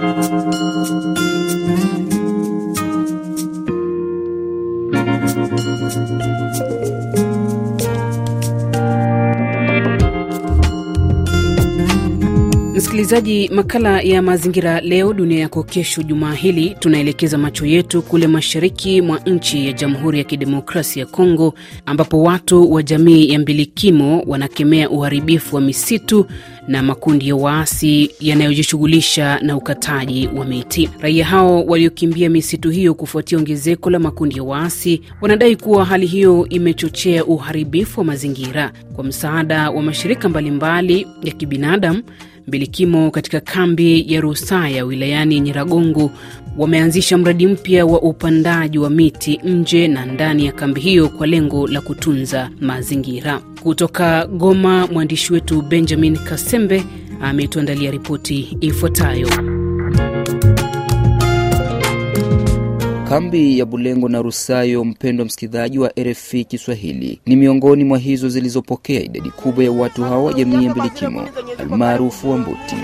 thank you Msikilizaji, makala ya mazingira leo dunia yako kesho, jumaa hili tunaelekeza macho yetu kule mashariki mwa nchi ya Jamhuri ya Kidemokrasia ya Kongo, ambapo watu wa jamii ya mbilikimo wanakemea uharibifu wa misitu na makundi ya waasi yanayojishughulisha na ukataji wa miti. Raia hao waliokimbia misitu hiyo kufuatia ongezeko la makundi ya waasi wanadai kuwa hali hiyo imechochea uharibifu wa mazingira. Kwa msaada wa mashirika mbalimbali mbali ya kibinadamu mbilikimo katika kambi ya Rusaya wilayani Nyiragongo wameanzisha mradi mpya wa upandaji wa miti nje na ndani ya kambi hiyo kwa lengo la kutunza mazingira. Kutoka Goma, mwandishi wetu Benjamin Kasembe ametuandalia ripoti ifuatayo. Kambi ya Bulengo na Rusayo, mpendwa msikilizaji wa RFI Kiswahili, ni miongoni mwa hizo zilizopokea idadi kubwa ya watu hawa wa jamii ya mbilikimo almaarufu wa Mbuti.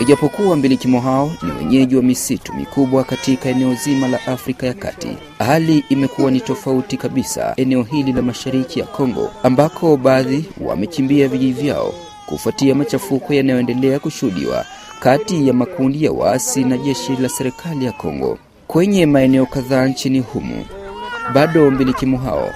Ijapokuwa mbilikimo hao ni wenyeji wa misitu mikubwa katika eneo zima la Afrika ya Kati, hali imekuwa ni tofauti kabisa eneo hili la mashariki ya Kongo, ambako baadhi wamekimbia vijiji vyao kufuatia machafuko yanayoendelea kushuhudiwa kati ya makundi ya waasi na jeshi la serikali ya Kongo kwenye maeneo kadhaa nchini humu. Bado wambilikimu hao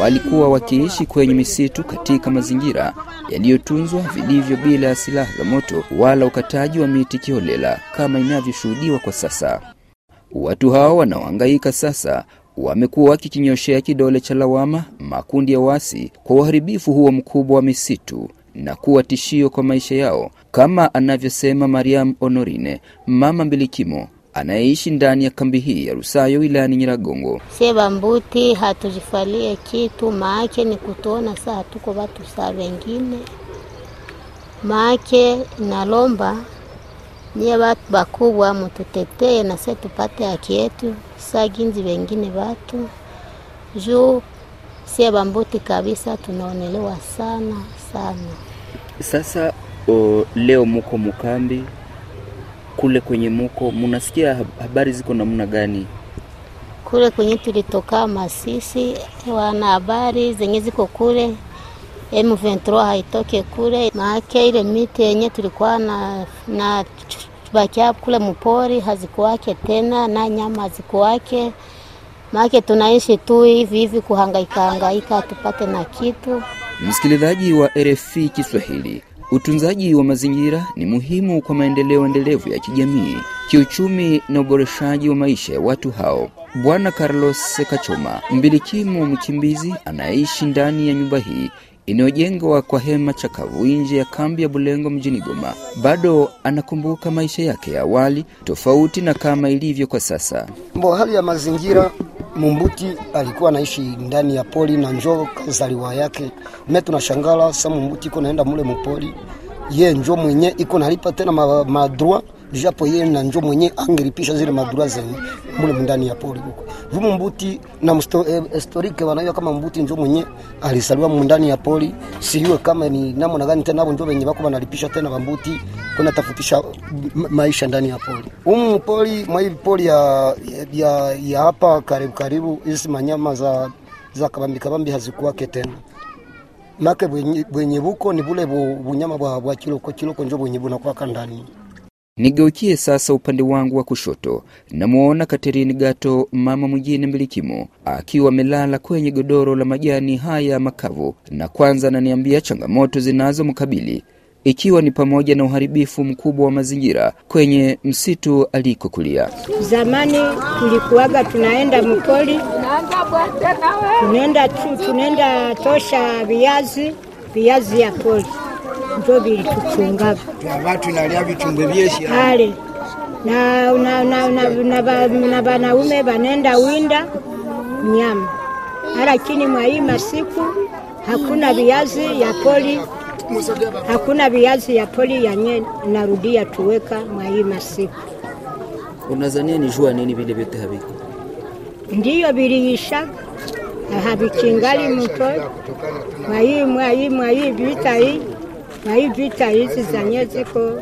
walikuwa wakiishi kwenye misitu katika mazingira yaliyotunzwa vilivyo bila silaha za moto wala ukataji wa miti kiholela kama inavyoshuhudiwa kwa sasa. Watu hao wanaohangaika sasa wamekuwa wakikinyoshea kidole cha lawama makundi ya wasi kwa uharibifu huo mkubwa wa misitu na kuwa tishio kwa maisha yao, kama anavyosema Mariam Honorine, mama mbilikimo anayeishi ndani ya kambi hii ya Rusayo wilayani Nyiragongo. sie bambuti hatujifalie kitu maake ni kutuona saa hatuko watu saa wengine maake nalomba nye watu bakubwa na nase tupate haki yetu saa ginzi wengine watu juu sie bambuti kabisa tunaonelewa sana sana. Sasa o, leo muko mukambi kule kwenye muko munasikia habari ziko namna gani? Kule kwenye tulitoka Masisi, wana habari zenye ziko kule M23 haitoke kule maake, ile miti yenye tulikuwa na, na bakia kule mpori hazikuwake tena na nyama hazikuwake, maake tunaishi tu hivi hivi kuhangaika hangaika tupate na kitu Msikilizaji wa RFI Kiswahili, utunzaji wa mazingira ni muhimu kwa maendeleo endelevu ya kijamii, kiuchumi na uboreshaji wa maisha ya watu hao. Bwana Carlos Sekachoma, mbilikimu mkimbizi anayeishi ndani ya nyumba hii inayojengwa kwa hema chakavu nje ya kambi ya Bulengo mjini Goma, bado anakumbuka maisha yake ya awali tofauti na kama ilivyo kwa sasa. Mbo, hali ya mazingira Mumbuti alikuwa anaishi ndani ya poli na njo kazaliwa yake. Me tunashangala sa Mumbuti iko naenda mule mupoli, ye njo mwenye iko nalipa tena madroit ma japo yeye na njoo mwenye angelipisha zile madura zenye mule ndani ya pori huko vumu mbuti na eh, historike wanayo kama mbuti njoo mwenye alisaliwa ndani ya pori, siwe kama ni namo na gani tena, hapo ndio wenye wako wanalipisha tena mbuti kuna tafutisha maisha ndani ya pori umu pori mwa hivi pori ya, ya, ya hapa karibu karibu, hizi manyama za za kabambi kabambi hazikuwa tena make bwenye buko ni bule bunyama bwa bwa kiloko kiloko njo bwenye bunakuwa ndani Nigeukie sasa upande wangu wa kushoto, namwona katerini Gato, mama mwingine mbilikimo, akiwa amelala kwenye godoro la majani haya makavu, na kwanza ananiambia changamoto zinazomkabili ikiwa ni pamoja na uharibifu mkubwa wa mazingira kwenye msitu alikokulia. Zamani tulikuwaga tunaenda mkoli, tunaenda tu, tunaenda tosha viazi, viazi ya poli byo bilitusingaga abatunalya bitumbe byesya ale na na na na na, na banaume banenda winda nyama, lakini mwa hii masiku hakuna viazi ya poli, hakuna viazi ya poli yanye narudia tuweka mwa hii masiku. Unazania ni jua nini vile vyote haviko ndiyo viliisha havikingali mutoi mwa hii mwa hii mwa hii vita hii na hii vita hizi zanye ziko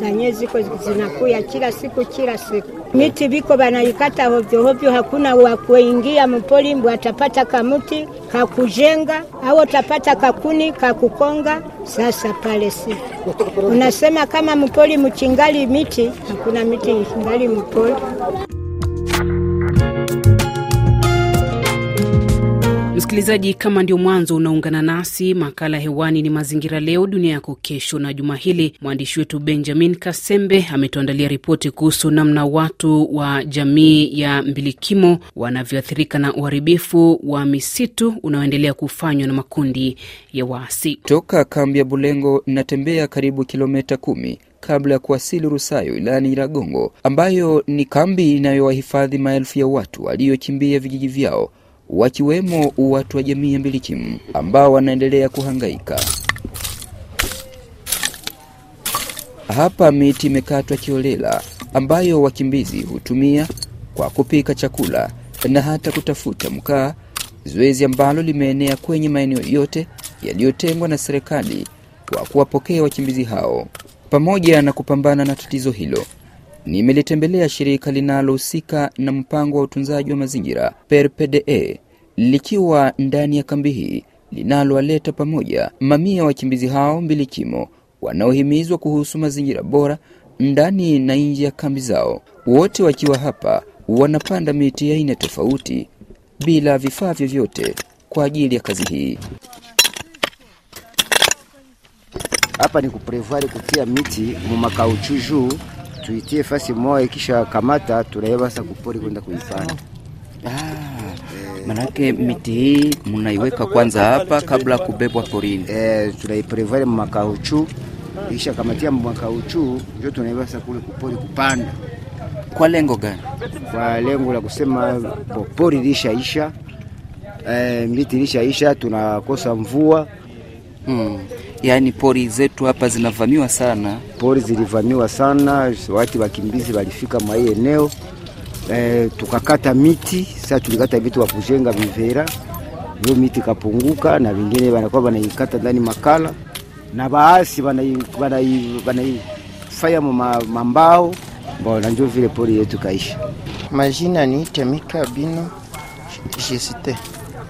zanye ziko zinakuya kila siku kila siku. Miti viko banaikata hovyo hovyo, hakuna wa kuingia mpoli, mbu atapata kamuti kakujenga au atapata kakuni kakukonga. Sasa pale si unasema kama mpoli mchingali miti, hakuna miti mchingali mpoli. Msikilizaji, kama ndio mwanzo unaungana nasi, makala hewani ni Mazingira Leo Dunia Yako Kesho, na juma hili mwandishi wetu Benjamin Kasembe ametuandalia ripoti kuhusu namna watu wa jamii ya mbilikimo wanavyoathirika na uharibifu wa misitu unaoendelea kufanywa na makundi ya waasi. Toka kambi ya Bulengo inatembea karibu kilomita kumi kabla ya kuwasili Rusayo wilayani Iragongo, ambayo ni kambi inayowahifadhi maelfu ya watu waliokimbia vijiji vyao wakiwemo watu wa jamii ya mbilikimu ambao wanaendelea kuhangaika. Hapa miti imekatwa kiolela ambayo wakimbizi hutumia kwa kupika chakula na hata kutafuta mkaa, zoezi ambalo limeenea kwenye maeneo yote yaliyotengwa na serikali kwa kuwapokea wakimbizi hao. Pamoja na kupambana na tatizo hilo, nimelitembelea shirika linalohusika na mpango wa utunzaji wa mazingira PERPDE likiwa ndani ya kambi hii linalowaleta pamoja mamia ya wakimbizi hao mbilikimo wanaohimizwa kuhusu mazingira bora ndani na nje ya kambi zao. Wote wakiwa hapa wanapanda miti ya aina tofauti bila vifaa vyovyote kwa ajili ya kazi hii. Hapa ni kuprevari kutia miti mu makauchu juu tuitie fasi moja, ikisha kamata tunaiba sasa kupori kwenda kuipanda. Ah, manake miti hii mnaiweka kwanza hapa kabla kubebwa porini. Eh, tunaiprevale makauchu ikisha kamatia makauchu ndio tunaiba sasa kule kupori kupanda. Kwa lengo gani? Kwa lengo la kusema popori lishaisha, eh, miti lishaisha, tunakosa mvua Hmm. Yaani pori zetu hapa zinavamiwa sana, pori zilivamiwa sana, watu wakimbizi walifika mwaii eneo e, tukakata miti. Sasa tulikata vitu vya kujenga vivera, hiyo miti kapunguka, na vingine wanakuwa wanaikata ndani makala, na baasi wanaifaya mambao na njoo vile pori yetu kaisha. Majina ni Temika Bino Jeste.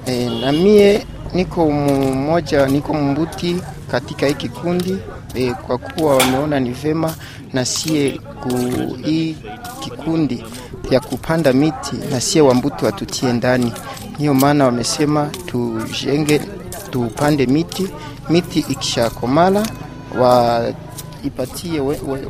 E, na mie Niko mmoja, niko mbuti katika hii kikundi e, kwa kuwa wameona ni vema na sie hii kikundi ya kupanda miti na sie wambuti watutie ndani. Hiyo maana wamesema tujenge, tupande miti. Miti ikishakomala waipatie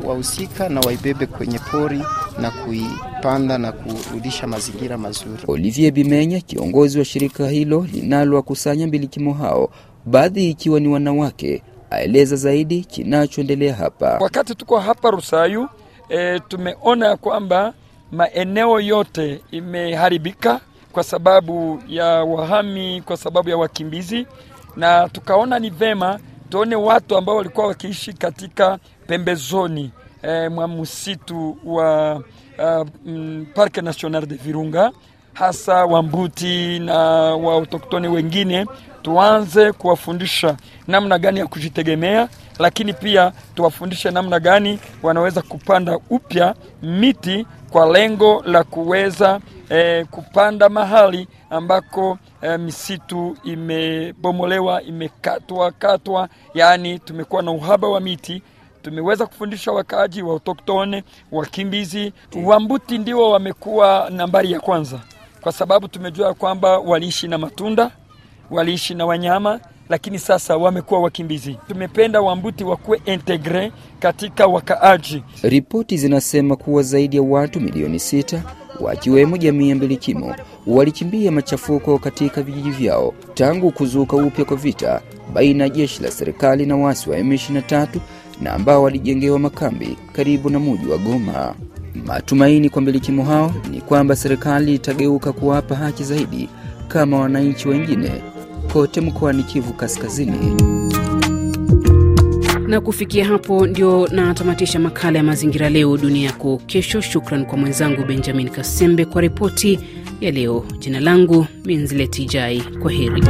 wahusika wa, wa na waibebe kwenye pori na kuipanda na kurudisha mazingira mazuri. Olivier Bimenya, kiongozi wa shirika hilo linalowakusanya mbilikimo hao, baadhi ikiwa ni wanawake, aeleza zaidi kinachoendelea hapa. Wakati tuko hapa Rusayu, e, tumeona kwamba maeneo yote imeharibika kwa sababu ya wahami, kwa sababu ya wakimbizi, na tukaona ni vema tuone watu ambao walikuwa wakiishi katika pembezoni eh, mwa msitu wa uh, eh, mm, Parke National de Virunga hasa Wambuti na wautoktoni wengine, tuanze kuwafundisha namna gani ya kujitegemea, lakini pia tuwafundishe namna gani wanaweza kupanda upya miti kwa lengo la kuweza eh, kupanda mahali ambako eh, misitu imebomolewa, imekatwa katwa, yaani tumekuwa na uhaba wa miti Tumeweza kufundisha wakaaji wa utoktone, wakimbizi. Wambuti ndio wamekuwa nambari ya kwanza, kwa sababu tumejua kwamba waliishi na matunda, waliishi na wanyama lakini sasa wamekuwa wakimbizi. Tumependa wambuti wakuwe integre katika wakaaji. Ripoti zinasema kuwa zaidi ya watu milioni sita wakiwemo jamii ya mbilikimo walikimbia machafuko katika vijiji vyao tangu kuzuka upya kwa vita baina ya jeshi la serikali na wasi wa M23 na ambao walijengewa makambi karibu na muji wa Goma. Matumaini kwa mbilikimo hao ni kwamba serikali itageuka kuwapa haki zaidi kama wananchi wengine kote mkoani Kivu Kaskazini. Na kufikia hapo ndio natamatisha makala ya mazingira leo dunia yako kesho. Shukran kwa mwenzangu Benjamin Kasembe kwa ripoti ya leo. Jina langu Minziletijai, kwa heri.